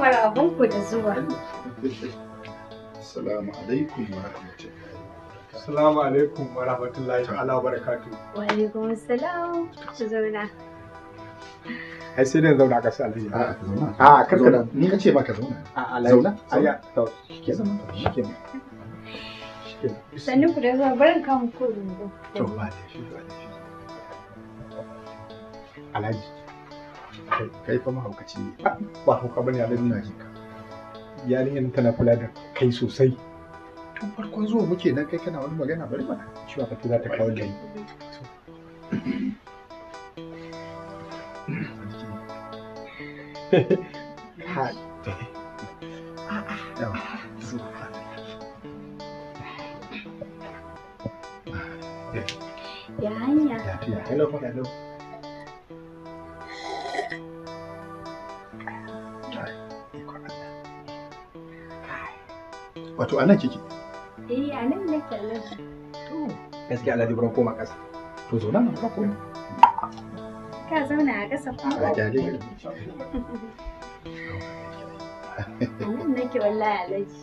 marabanku da zuwa. Assalamu alaikum wa rahmatullahi. Assalamu alaikum wa rahmatullahi ta'ala wa barakatu. Wa alaikum assalam. Ku zauna. sai zauna ka A zauna. A ni ka ce zauna. A Zauna. Aya to shike to shike. ku da zuwa barin To ba da shi ba da shi. Alhaji. kai fa mahaukaci ne ah, ba hauka bane alhaji na jika yarinyar tana kula da kai sosai tun farkon zuwa muke nan kai kana wani magana bari mana cewa ka za ta kawo gari Ya hanya. Ya hanya. Hello, hello. wato a nan kike eh a nan nake to gaskiya alhaji bura koma ƙasa to zo nan ka koma ka zauna a ƙasa ko a jale anan ne ke wallahi alaji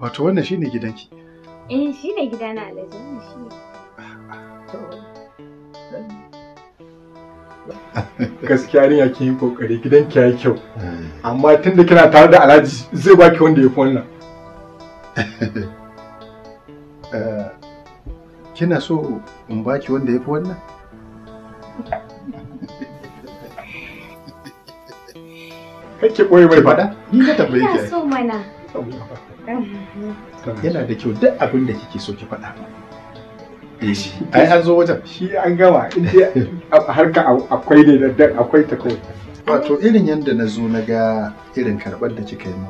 wato wannan shine gidanki eh shine gidana alaji shine gaskiya ne yake yin kokari gidan ki yayi kyau eh. amma tunda kina tare da Alhaji zai baki wanda ya fi wannan eh, kina so in baki wanda ya fi wannan kake koyi mai fada ni ka tambaye ki so mana yana da kyau duk abin da kike so ki faɗa Eh, shi ai an zo wajen shi an gama inda harka akwai ne da akwai ta kai. wato irin yadda na zo na ga irin karɓar da kika yi mu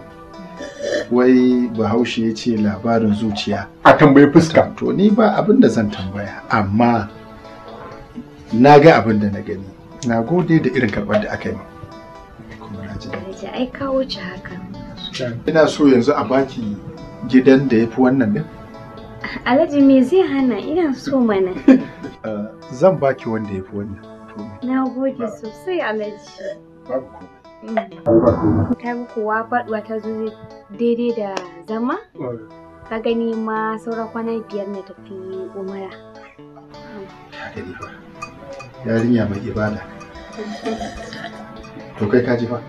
wai bahaushe ya ce labarin zuciya a tambayi fuska to ni ba abin da zan tambaya amma na ga abin da na gani na gode da irin karɓar da aka yi kuma na ina so yanzu a baki gidan da ya fi wannan din Alhaji me zai hana ina so mana. Eh, zan baki wanda ya fi wannan. Na gode sosai Alhaji. Babu mm. kuwa faɗuwa ta zo daidai da zama? Ka gani ma saura kwana biyar na tafi umara. Yarinya mai ibada. To kai ka ji fa?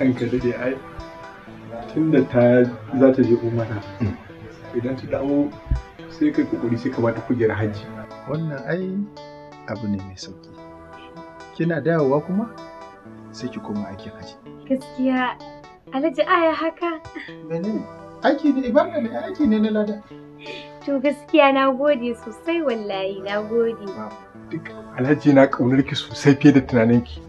Ɗanka daɗe ai. Tunda ta za ta je umara. Mm. idan ta dawo sai kai kokari sai ka bata kujerar hajji wannan ai abu ne mai sauki kina dawowa kuma sai ki koma aikin haji gaskiya alhaji aya haka menene aiki ne ibarka ne aiki ne na lada to gaskiya na gode sosai wallahi na gode duk alhaji na kaunar ki sosai fiye da tunanin ki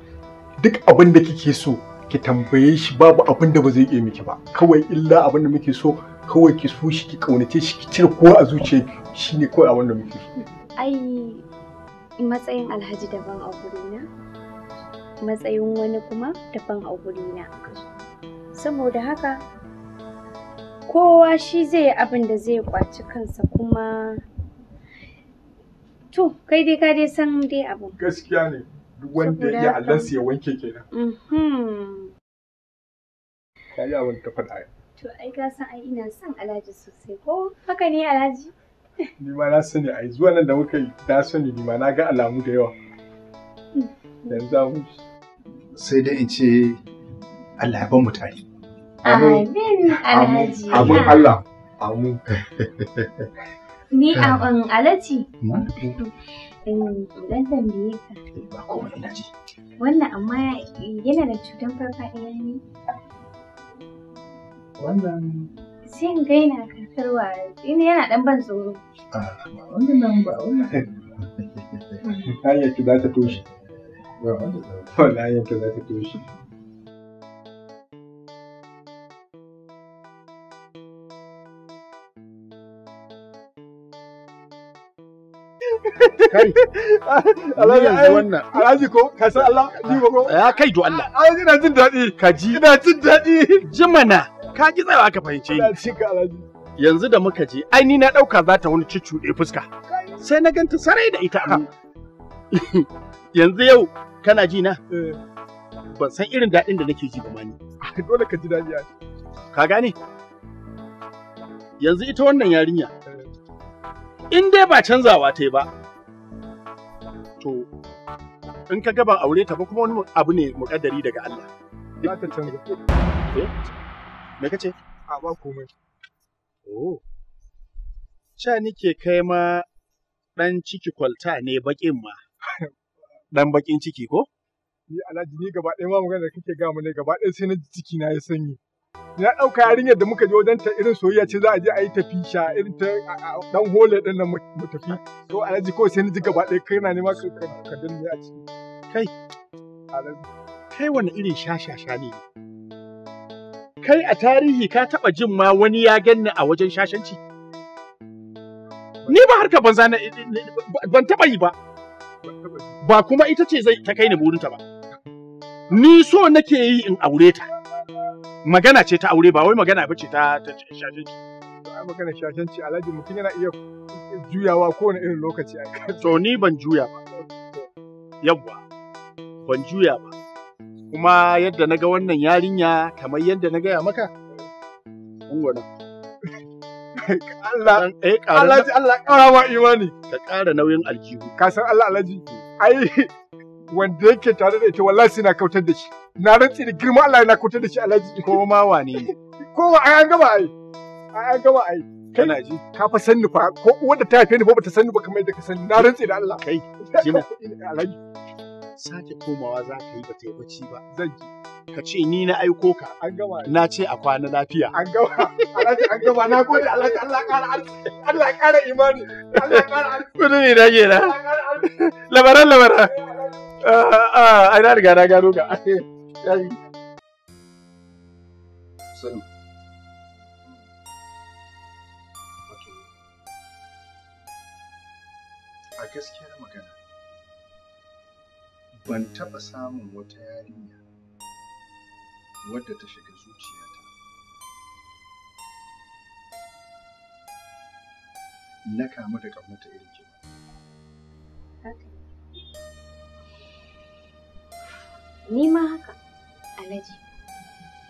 duk abin da kike so ki tambaye shi babu abin da ba zai iya miki ba kawai illa abin da muke so kawai ki so shi ki kaunace shi ki cire kowa a zuciyarki shine kawai abin da muke so ai matsayin alhaji daban a gurina matsayin wani kuma daban a gurina saboda haka kowa shi zai yi abin da zai kwaci kansa kuma to kai dai ka dai san dai abin gaskiya ne duk wanda ya allansa ya wanke kenan mhm. ka yi abin ta faɗa To ai ka san ai ina son Alhaji sosai ko haka ne Alhaji? Ni ma na sani ai zuwa nan da muka yi na sani ni ma na ga alamu da yawa. Dan za mu sai dai in ce Allah ya ban mu tare. Amin Alhaji. Amin Allah. Amin. Ni a um, Alhaji. Dan mm, tambaye ka. Eh, ba komai ina ji. Wannan amma yana da cutar farfaɗiya ne. Wannan. Zan gaina karkarwa ina yana ɗan ban tsoro. Ah, wannan nan ba wannan. Hanyar ki za ta toshe. Wannan hanyar ki za ta toshe. wannan Alhaji ko ka san Allah Ni ko ya kai do Allah ai ina jin daɗi ka ji ina jin daɗi jimana ka ji tsayawa ka fahimce ni yanzu da muka je ai ni na dauka za ta wani cuccuɗe fuska sai na ganta sarai da ita yanzu yau kana ji na eh. ban san irin daɗin da nake ji ba ma ni dole ka ji daɗi ka gane yanzu ita wannan yarinya eh. in dai ba canzawa ta ba to in ka gaban aure ta ba kuma wani abu ne muƙaddari daga Allah za ta canza eh? Me kace? A ba komai. Oh. Sha nike kai ma ɗan ciki kwalta ne baƙin ma. Ɗan baƙin ciki ko? Ni Alhaji ni gaba ɗaya ma magana da kake ga mu ne gaba ɗaya sai na ji ciki na ya sanyi. Na ɗauka yarinyar da muka je wajen ta irin soyayya ce za a je a yi tafi sha irin ta ɗan hole ɗin nan mu tafi. To Alhaji kawai sai na ji gaba ɗaya kai na nema ka danne a ciki. Kai. Alhaji. Kai wani irin sha sha sha ne? kai a tarihi ka taɓa jin ma wani ya ganni a wajen shashanci? Ni ba harka ban zana ban taɓa yi ba. Ba kuma ita ce zai ta kai ni burinta ba. Ni so nake yi in aure ta. Magana ce ta aure ba wai magana ba ce ta shashanci. Magana shashanci alhaji mutum yana iya juyawa kowane irin lokaci a To ni ban juya ba. Yawwa, ban juya ba. kuma yadda na ga wannan yarinya kamar yadda na gaya maka Ungwana. Allah eh, Allah Allah ƙara ma imani ka ƙara nauyin aljihu ka san Allah alhaji ai wanda yake tare da ita wallahi sai na kautar da shi na rantsi da girma Allah na kautar da shi alhaji ko ma wane ne ko ai an gaba ai ai an gaba ai kana ji ka fa san fa ko wanda ta haife ni ba ta san ni ba kamar yadda ka san na rantsi da Allah kai Allah ji. sake komawa za ka yi ba ta yi bacci ba zan ji ka ce ni na aiko ka an gama na ce a kwana lafiya an gama alhaji an gama na gode alhaji Allah ƙara Allah ƙara imani Allah ƙara kudu ne na ke na labaran labaran a ah, ah, ah. na riga na gano ga sani a gaskiya ban taɓa samun wata yarinya wadda ta shiga zuciyata na kamu da ƙaunata irin ki Ni ma haka, alaji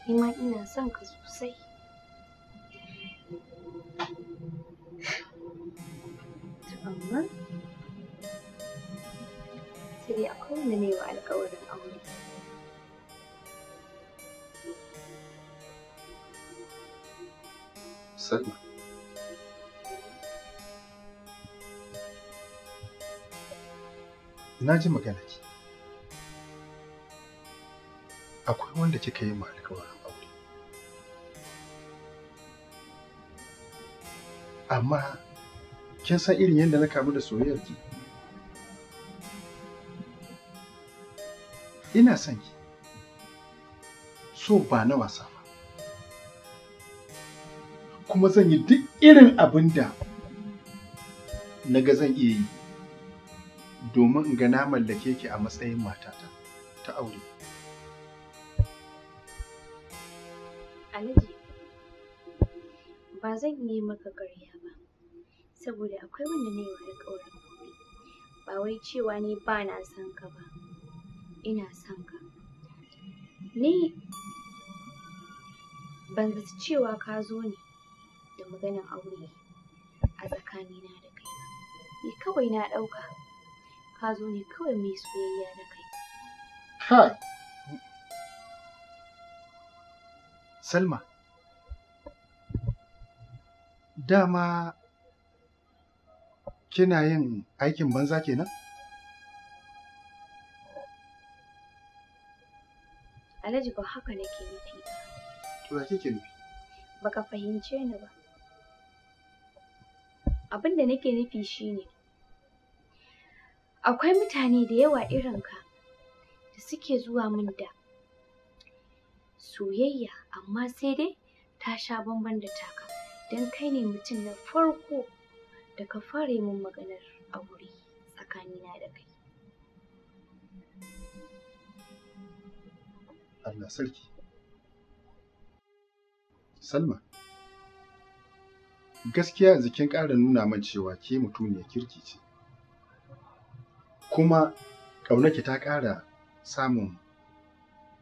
ni ma ina son ka sosai. Amma shirya kowane ne wa alkawarin aure. Na ji magana ki. Akwai wanda kika yi ma alkawarin aure. Amma kin san irin yadda na kamu da soyayyar ki. ina son ki so ba na wasa ba kuma zan yi duk irin abin da na ga zan iya yi domin in ga na mallake ki a matsayin matata ta aure Alhaji ba zan yi maka ƙarya ba saboda akwai wanda na yi wa alƙawarin ba wai cewa ne ba na son ka ba ina son ka ni ban zaci cewa ka zo ne da maganan aure a tsakanina da kai ni kawai na ɗauka ka zo ne kawai mai soyayya da kai ha salma dama kina yin aikin banza kenan Alhaji ba haka nake nufi ba. To ya kike nufi? Baka fahimce ni ba. Abin da nake nufi shine akwai mutane da yawa irin ka da suke zuwa min da soyayya amma sai dai ta sha bamban da taka don kai ne mutum na farko da ka fara min maganar aure tsakanina da kai. Allah sarki. Salma, gaskiya yanzu ƙara nuna min cewa ke mutuniyar kirki ce, kuma ƙaunaki ta ƙara samun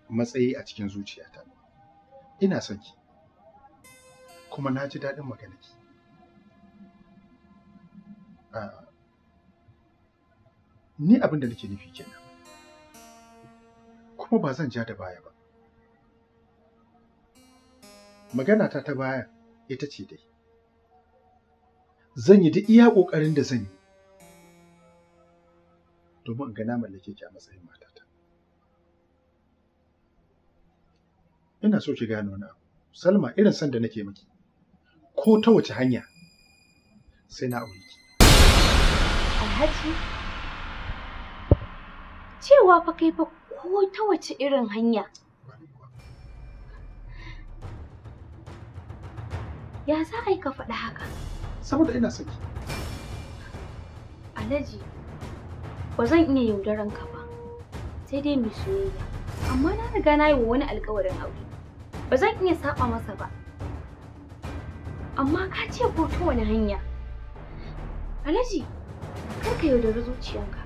matsayi a cikin zuciyata. Ina son ki, kuma na ji daɗin maganaki. Ah, ni abin da nake nufi kenan. kuma ba zan ja da baya ba. Magana ta ta baya ita ce dai. Zan yi duk iya ƙoƙarin da zan yi domin in ga na mallake ki a matsayin matata. Ina so ki gano na Salma irin sanda da nake miki ko ta wace hanya sai na aure ki. Alhaji cewa fa kai fa ko ta wace irin hanya ya za a yi ka faɗi haka saboda ina saki alhaji ba zan iya yaudaran ka ba sai dai mai soyayya amma na riga na yi wa wani alkawarin aure ba zan iya saba masa ba amma ka ce ko ta wani hanya alhaji kar ka yaudari zuciyanka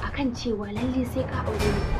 akan cewa lalle sai ka aure ni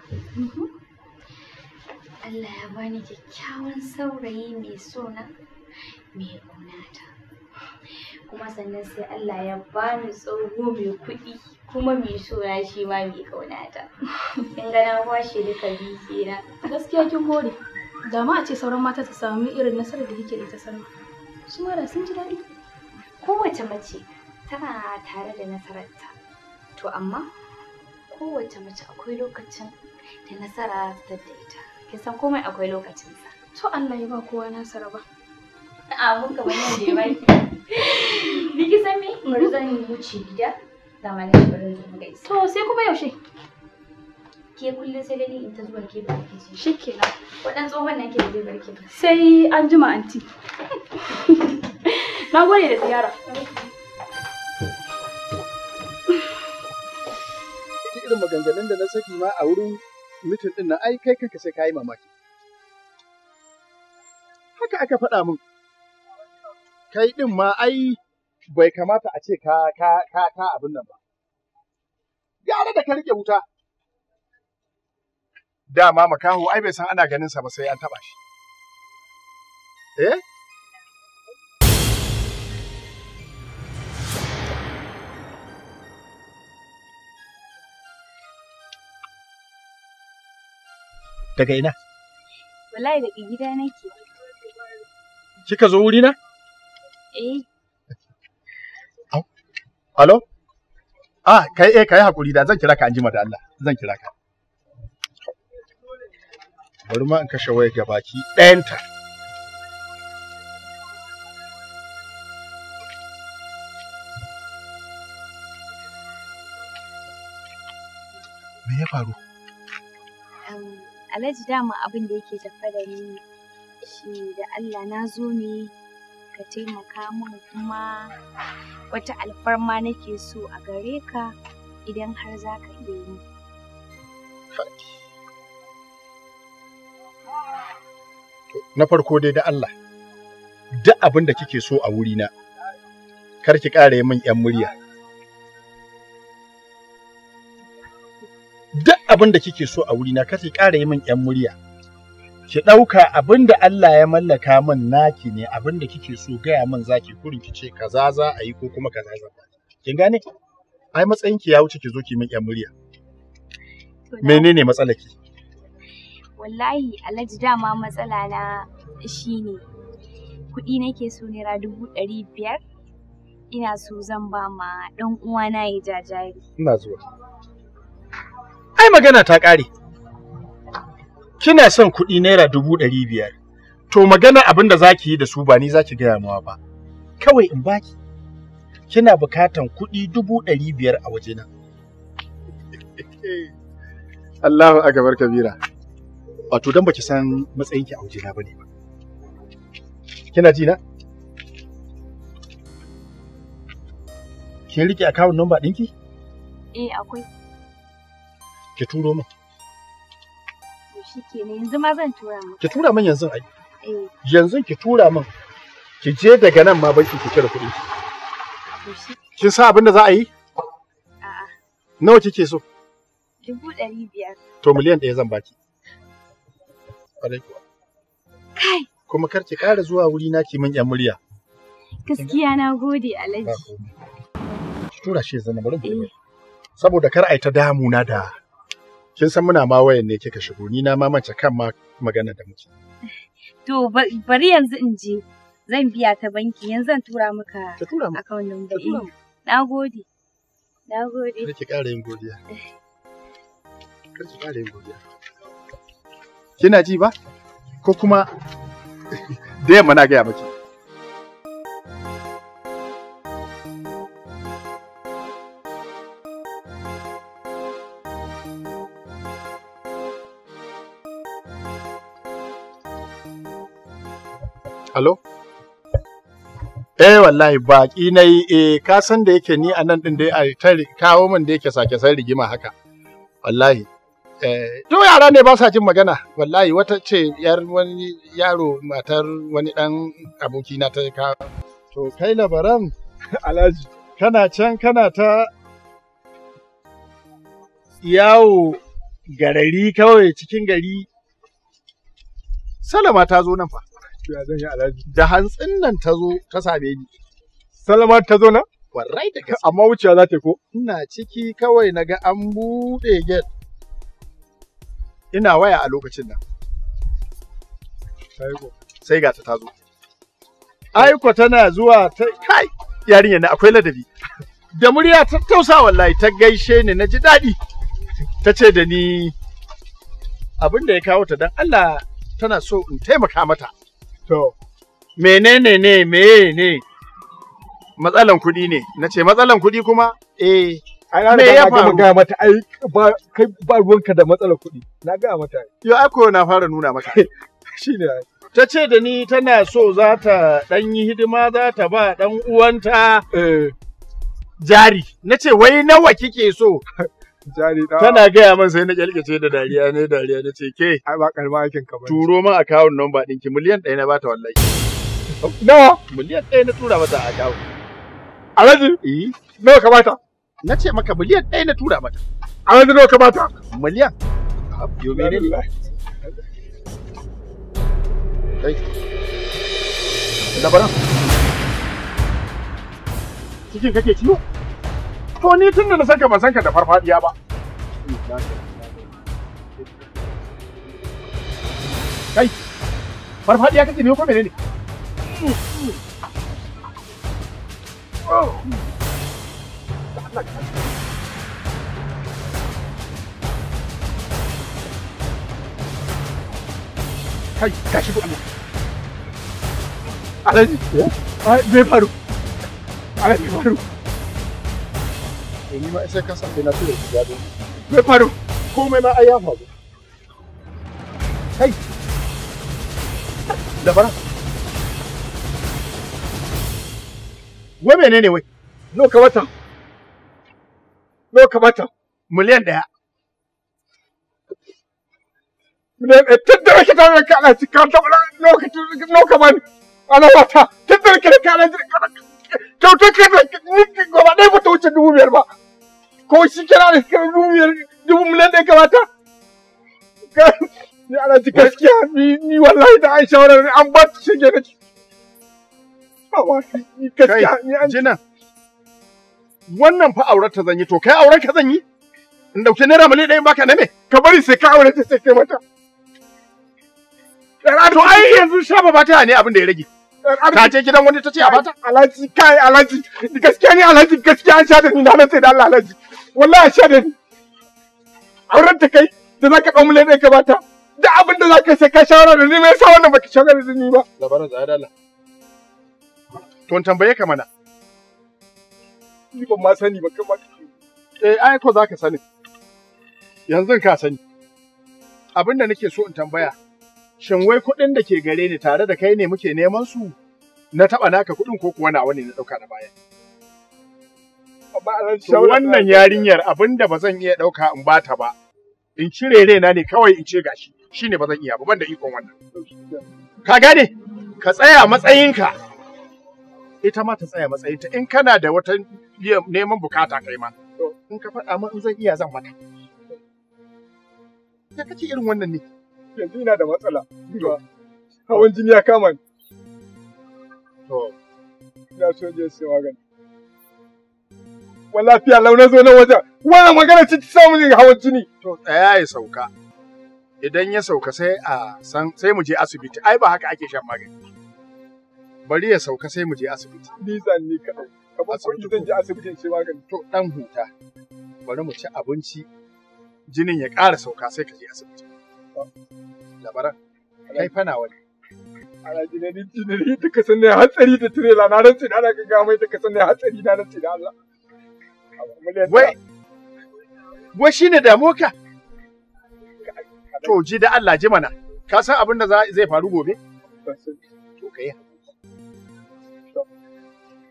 Allah ya bani kyakkyawan saurayi mai sona mai ƙaunata. Kuma sannan sai Allah ya bani tsoho mai kuɗi kuma mai sona shi ma mai ƙaunata. In ga na kwashe duka biyu kenan. Gaskiya kin gode. Da ma a ce sauran mata ta samu irin nasarar da kike da ta sama. Su ma da sun ji daɗi. Kowace mace tana tare da nasararta. To amma kowace mace akwai lokacin da nasara ta daita. kin san komai akwai lokacinsa to Allah ya ba kowa nasa raba mun ka bane da ya baki ni ki san me Mun zan wuce gida da malai bari zan ga to sai kuma yaushe ke kullum sai gani in ta zuwa ke da ke ce shikenan wadan tsohon nan ke da zai barke sai an jima anti na gode da ziyara irin maganganun da na saki ma a wurin mitin ɗin na ai kai kanka sai ka yi mamaki. Haka aka faɗa min. Kai ɗin ma ai bai kamata a ce ka ka ka ka abin nan ba. Gyara da ka riƙe wuta. Dama makaho ai bai san ana ganin sa ba sai an taɓa shi. Eh? Daga ina? Wallahi daga gida nake. Kika zo wuri na? Eh. Alo? Ah, kai eh kai hakuri da zan kira ka anjima da Allah. Zan kira ka. Bari ma in kashe wayar gabaki ɗayanta. Me ya faru? Alhaji dama abin da yake tafa da ni shi da Allah na zo ne ka taimaka min kuma wata alfarma nake so a gare ka idan har za ka iya yi. Na farko dai da Allah, duk abin da kike so a wurina, kar ki ƙara min 'yan murya. abin da kike so a wurina na ki ƙara yi min ƴan murya ki ɗauka abin da Allah ya mallaka min naki ne abin da kike so gaya min zaki kurin ki ce kaza za a yi ko kuma kaza za a kin gane ai matsayin ki ya wuce ki zo ki min ƴan murya menene matsalar ki wallahi alhaji dama matsala na shine kuɗi nake so naira dubu ɗari biyar ina so zan ba ma ɗan uwana ya jajari ina zuwa ai magana ta ƙare kina son kuɗi naira dubu ɗari biyar to magana abin da za ki yi da su ba ni za ki gaya mawa ba kawai in baki kina bukatan kuɗi dubu ɗari biyar a wajena Allahu akbar kabira wato dan baki san ki a wajena bane ba kina ji na kin rike account number ɗinki eh akwai ki turo min yanzu ma zan tura ki tura min yanzu ai eh. yanzu ki tura min ki je daga nan ma banki ki cire kuɗi kin sa abin da za a yi a'a nawa kike so dubu ɗari biyar to miliyan ɗaya zan baki ƙwarai kuwa kai kuma kar ki ƙara zuwa wuri na ki min ƴan murya gaskiya na gode alhaji ki tura shi yanzu na bari eh. saboda kar a yi ta na da kin san muna ma wayan ne kika shigo ni na mamace kan ma magana da muke to bari yanzu in je zan biya ta banki yanzu zan tura maka akawun number eh, na gode na gode kar ki ƙara yin godiya kar ƙara yin godiya kina ji ba ko kuma da yamma na gaya maki Alo? Eh wallahi baki na yi eh ka san da yake ni a nan ɗin dai a kawo min da yake sake sai rigima haka. Wallahi. Eh, to yara ne ba sa jin magana wallahi wata ce yar wani yaro matar wani dan aboki na ta ka. To kai labaran Alhaji kana can kana ta yawo garari kawai cikin gari. Salama ta zo nan fa. to zan yi alhaji da hantsin nan ta zo ta same ni salama ta zo nan. kwarai da gaske amma wucewa za ta ko ina ciki kawai naga an buɗe gate ina waya a lokacin nan sai ga ta zo aiko tana zuwa ta kai yarinya ne, akwai ladabi da murya ta tausa wallahi ta gaishe ni na ji daɗi ta ce da ni abin da ya kawo ta dan Allah tana so in taimaka mata To, menene ne, menene ne? Matsalan kuɗi ne, na ce matsalan kuɗi kuma? Eh, me ya faru? Ga mata ai ba kai ba ruwanka da matsalar kuɗi. Na ga mata. Yo ai ko na fara nuna maka. Shine ai. Ta ce da ni tana so za ta ɗan yi hidima za ta ba ɗan uwanta eh. jari. Na ce wai nawa kike so? Tana gaya min sai na kyalkyace da dariya ne dariya na ce ke. Ai ba karma aikin kamar ba. Turo min akawun number dinki miliyan ɗaya na bata wallahi. Nawa? Miliyan ɗaya na tura mata akawun. Alhaji? Eh. Nawa ka bata? Na ce maka miliyan ɗaya na tura mata. Alhaji nawa ka bata? Miliyan. Yo ne Kai. bara Cikin kake ciwo? To ni tun da na ka ban sanka da farfadiya ba. Kai, farfadiya kake ne ko menene? Kai, gashi kuɗi. Alhaji, bai faru. Alhaji faru. to eh, ni ma sai ka san na tura ki gado me faru komai ma ai ya faru kai da wai menene wai no ka wata no ka wata miliyan daya miliyan ɗaya tun da rashin tarin ka ana ta wani lokacin ana wata tun da rashin ka ana cikin kyautar ka ni gaba ɗaya ba ta wuce dubu biyar ba ko shi kira da suka dubu dubu miliyan da ya kamata ni ana ji gaskiya ni wallahi da an shawarar an ba ta shige na ki ni gaskiya ni an jina wannan fa auren ta zanyi to kai auren ka zanyi in dauke naira miliyan ɗaya baka na me ka bari sai ka aure ta sai kai mata to ai yanzu shafa ta ne abin da ya rage Ta ce gidan wani ta ce a bata alhaji kai alhaji gaskiya ne alhaji gaskiya an sha da ni na sai da Allah alhaji wallahi sha da ni auren ta kai da za ka miliyan ɗaya ka bata da abin da zaka sai ka shawara da ni me yasa wannan baka shawara da ni ba labarin za a dala to in tambaye ka mana ni ban ma sani ba kan ma eh ai ko ka sani yanzu ka sani abin da nake so in tambaya shin wai kuɗin da ke gare ni tare da kai ne muke neman su na taɓa naka kuɗin ko kuwa nawa ne na ɗauka na baya wannan yarinyar abinda ba zan iya ɗauka in ba ta ba in cire raina ne kawai in ce gashi shine ba zan iya ba banda ikon wannan ka gane ka tsaya matsayinka ita ma ta tsaya matsayinta in kana da wata neman bukata kai ma in ka faɗa ma in zan iya zan mata ya kace irin wannan ne yanzu ina da matsala hawan jini ya kama ni to na so je sai magani wa lafiya launa zo na wajen wannan magana ce ta samu ne hawan jini to tsaya ya sauka idan ya sauka sai a san sai mu je asibiti ai ba haka ake shan magani bari ya sauka sai mu je asibiti ni zan ni ka ka ba asibiti zan je asibitin sai magani to dan huta bari mu ci abinci jinin ya ƙara sauka sai ka je asibiti labaran kai fana wani ana jinani jinani ta kasan ne hatsari da tirela na rantsi da ana gagamai ta kasan ne hatsari na rantsi da Allah Wai, wai shi ne damuwarka? To, ji da Allah ji mana, ka san abin da zai faru gobe? To, ka yi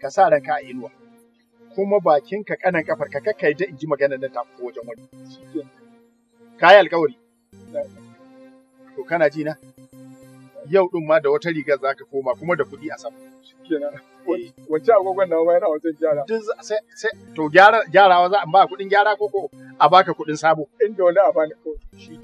Ka sa ranka a inuwa, kuma bakinka kanan kafar ka kakka da in ji maganar da ta wajen wani. Ka yi alkawari. To, kana ji na? yau din ma da wata rigar za ka koma kuma da kuɗi a sama. Wace agogon na wani yana wajen gyara. Duk sai to gyara gyarawa za a ba kuɗin gyara koko a baka kuɗin sabo. Inda wani a bani ko Shi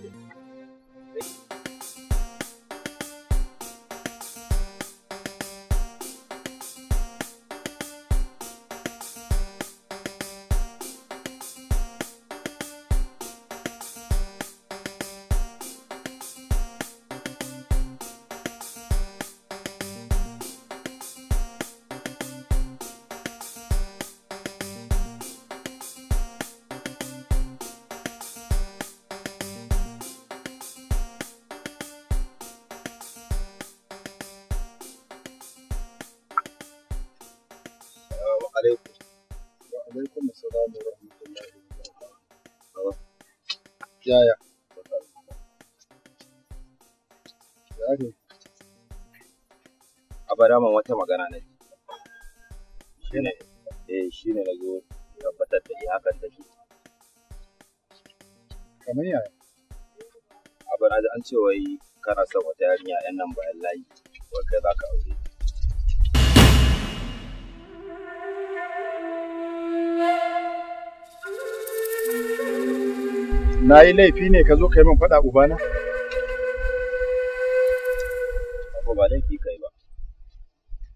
alaikum assalam wa rahmatullahi wa yaya a bara man wata magana ne shine eh ne na zo tabbatar da ni hakan take kamar yaya a bara an ce wai kana son wata yarinya yan nan bayan layi wai kai za ka aure na yi laifi ne ka zo ka yi min faɗa ubana? Ko ba laifi kai ba,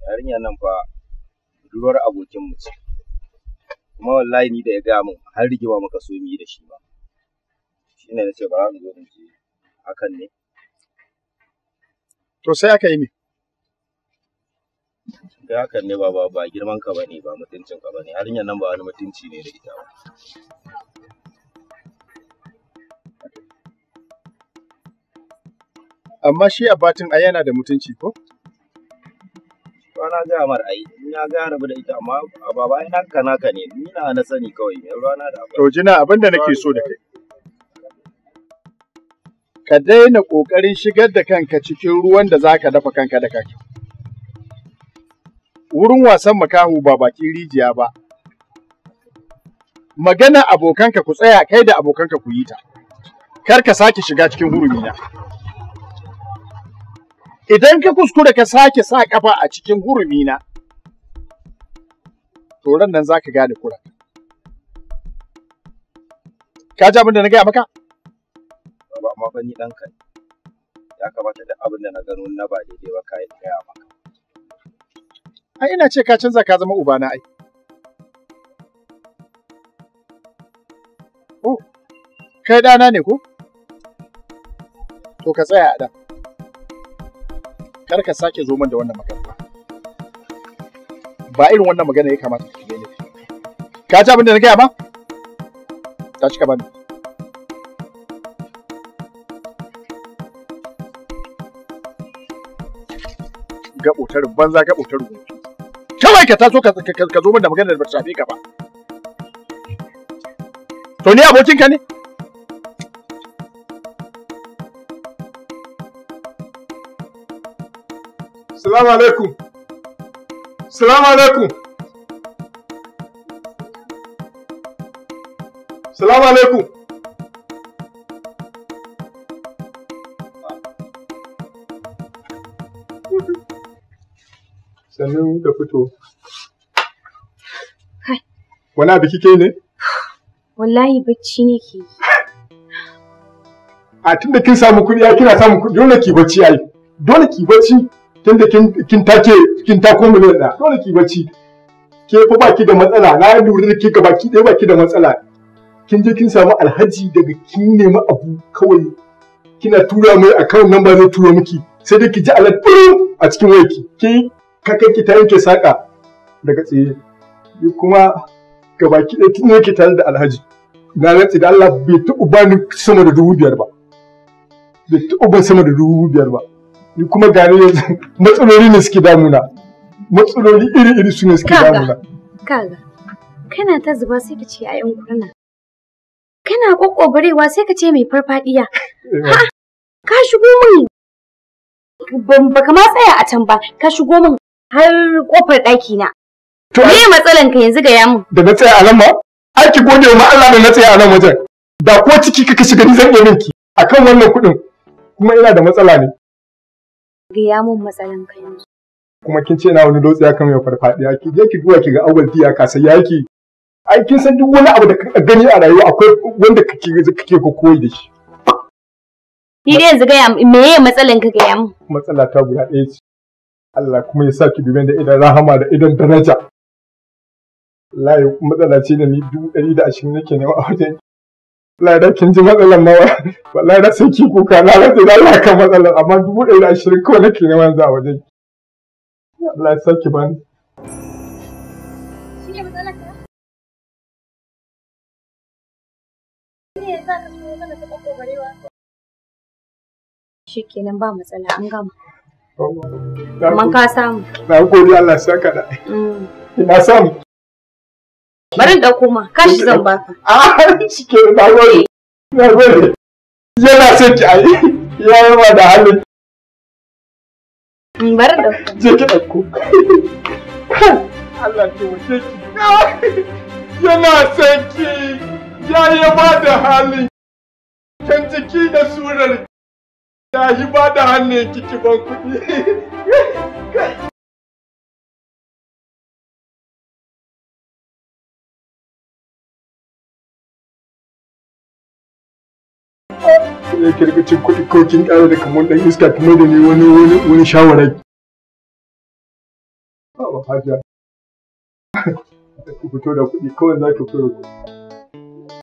yarinya nan fa budurwar abokinmu ce, kuma wallahi ni da ya gaya min har rigima muka so mu yi da shi ba. Shi ne na ce ba za mu zo mu je hakan ne. To sai aka yi min. Kai hakan ne ba ba girman ka bane ba mutuncin ka bane yarinyar nan ba wani mutunci ne da ita ba. Amma shi batun ai yana da mutunci ko? Ba na gaya mar ai, na gaya rabu da ita amma a baba ai naka naka ne, ni na na sani kawai, ne, rana da abu. To jina abinda nake so da kai. Ka daina ƙoƙarin shigar da kanka cikin ruwan da za ka dafa kanka da kanka. Wurin wasan makahu ba bakin rijiya ba, magana abokanka ku tsaya kai da abokanka ku yi ta kar ka sake shiga cikin hurumina idan ka kuskure ka sake sa kafa a cikin hurumi na to ran nan zaka gane kura ka ji abin da na gaya maka ba amma ban yi dan kai ya kamata da abin da na gano na ba daidai ba kai gaya maka ai ina ce ka canza ka zama uba na ai oh kai dana ne ko to ka tsaya a dan kar ka sake zo da wannan magana ba irin wannan magana ya kamata ka yi ka ji abin da na gaya ba ta cika bani gaɓotar banza gaɓotar gobe kawai ka taso ka zo min da magana da ba ta shafe ka ba to ni abokinka ne Salamu alaikum. Salamu Sannan da fito. Wani abu kike ne? Wallahi bacci ne ke yi. A tun da kin samu kuɗi, ya kina samun kuɗi, dole ki bacci ai. Dole ki bacci. tunda kin ta kin ta ko miliyan ɗaya dole ki bacci ke fa baki da matsala na lura da ke gaba ki ɗaya baki da matsala kin je kin samu alhaji daga kin nemi abu kawai kina tura mai akawun nan ba zai tura miki sai dai ki ji alat a cikin wayarki ki kakan ki ta yanke saka daga tsaye kuma ga baki ɗaya kin yake tare da alhaji na rantsi da Allah bai taɓa bani sama da dubu biyar ba bai taɓa ban sama da dubu biyar ba ni kuma gani ne matsaloli ne suke damuna matsaloli iri-iri su ne suke damuna kaga kana ta zuba sai ka ce ayan kurna kana kokobarewa sai ka ce mai farfadiya eh. ka shigo min ban baka ma tsaya a can ba ka shigo min har kofar ɗaki na to me matsalan ka yanzu ga yamu da na tsaya a nan ma ai ki gode ma Allah da na tsaya a nan wajen da ko ciki kika shiga ni zan iya minki akan wannan kuɗin kuma ina da matsala ne Gaya mun matsalan ka yanzu. Kuma kin ce na wani dotsi ya kama ya farfadiya ki je ki duba ki ga awal tiya kasa yaki. Ai kin san duk wani abu da ka gani a rayuwa akwai wanda kake kake ko koyi da shi. Ni dai yanzu ya meye matsalan ka gaya mun? Matsala ta guda ɗaya ce. Allah kuma ya sa ki dubi da idan rahama da idan daraja. Wallahi matsala ce da ni dubu ɗari da ashirin nake ne a wajen lada kin ji matsalan nawa wallahi da sai ki kuka na rantsa da Allah kan matsalan amma dubu ɗari da ashirin kawai nake neman za a waje. Allah ya saki bani. Shi ka? Shi ne ya kenan ba matsala an gama. Amma ka samu. Na gode Allah ya saka da. Mm. Ina samu. Bari da ɗauko kashi zan baka. A ah, shi ke ba wai ya gode. Yana so ki ai Ya yi ma da halin. Mm, bari da ɗauko. Je ki ɗauko. Allah ke wace ki. Yana so ki. Ya yi ma da halin. Kan jiki da surar. Ya yi ba da hannun kiki ban kuɗi. sai ki rika cin kuɗi ko kin ƙara da kamar ɗan iska kuma da ni wani wani wani shawara ki fito da kuɗi kawai za ki fito da kuɗi